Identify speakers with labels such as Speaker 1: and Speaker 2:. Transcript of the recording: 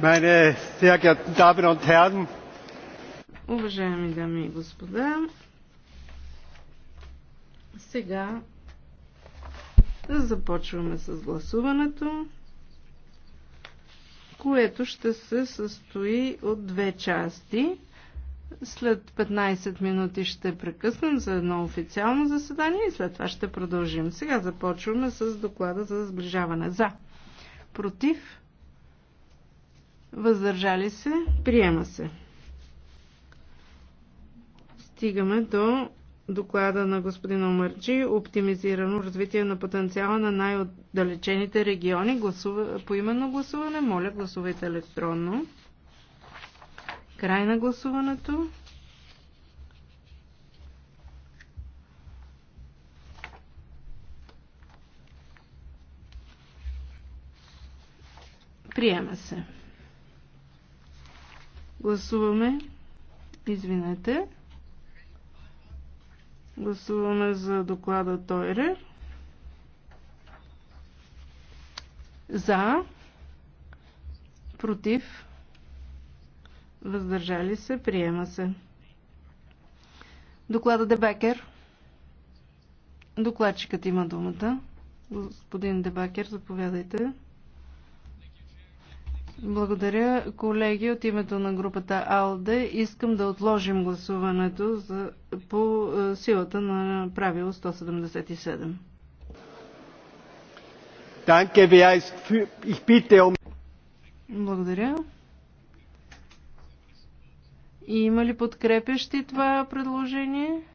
Speaker 1: Meine sehr geehrten Damen und Herren, Уважаеми дами и господа, сега започваме с гласуването, което ще се състои от две части. След 15 минути ще прекъснем за едно официално заседание и след това ще продължим. Сега започваме с доклада за сближаване. За. Против въздържали се, приема се. Стигаме до доклада на господин Омърджи оптимизирано развитие на потенциала на най-отдалечените региони. Гласува, по именно гласуване, моля гласувайте електронно. Край на гласуването. Приема се. Гласуваме. Извинете. Гласуваме за доклада Тойре. За. Против. Въздържали се. Приема се. Доклада Дебекер. Докладчикът има думата. Господин Дебакер, заповядайте. Благодаря, колеги. От името на групата АЛДЕ искам да отложим гласуването за, по е, силата на правило 177. Um- Благодаря. И има ли подкрепящи това предложение?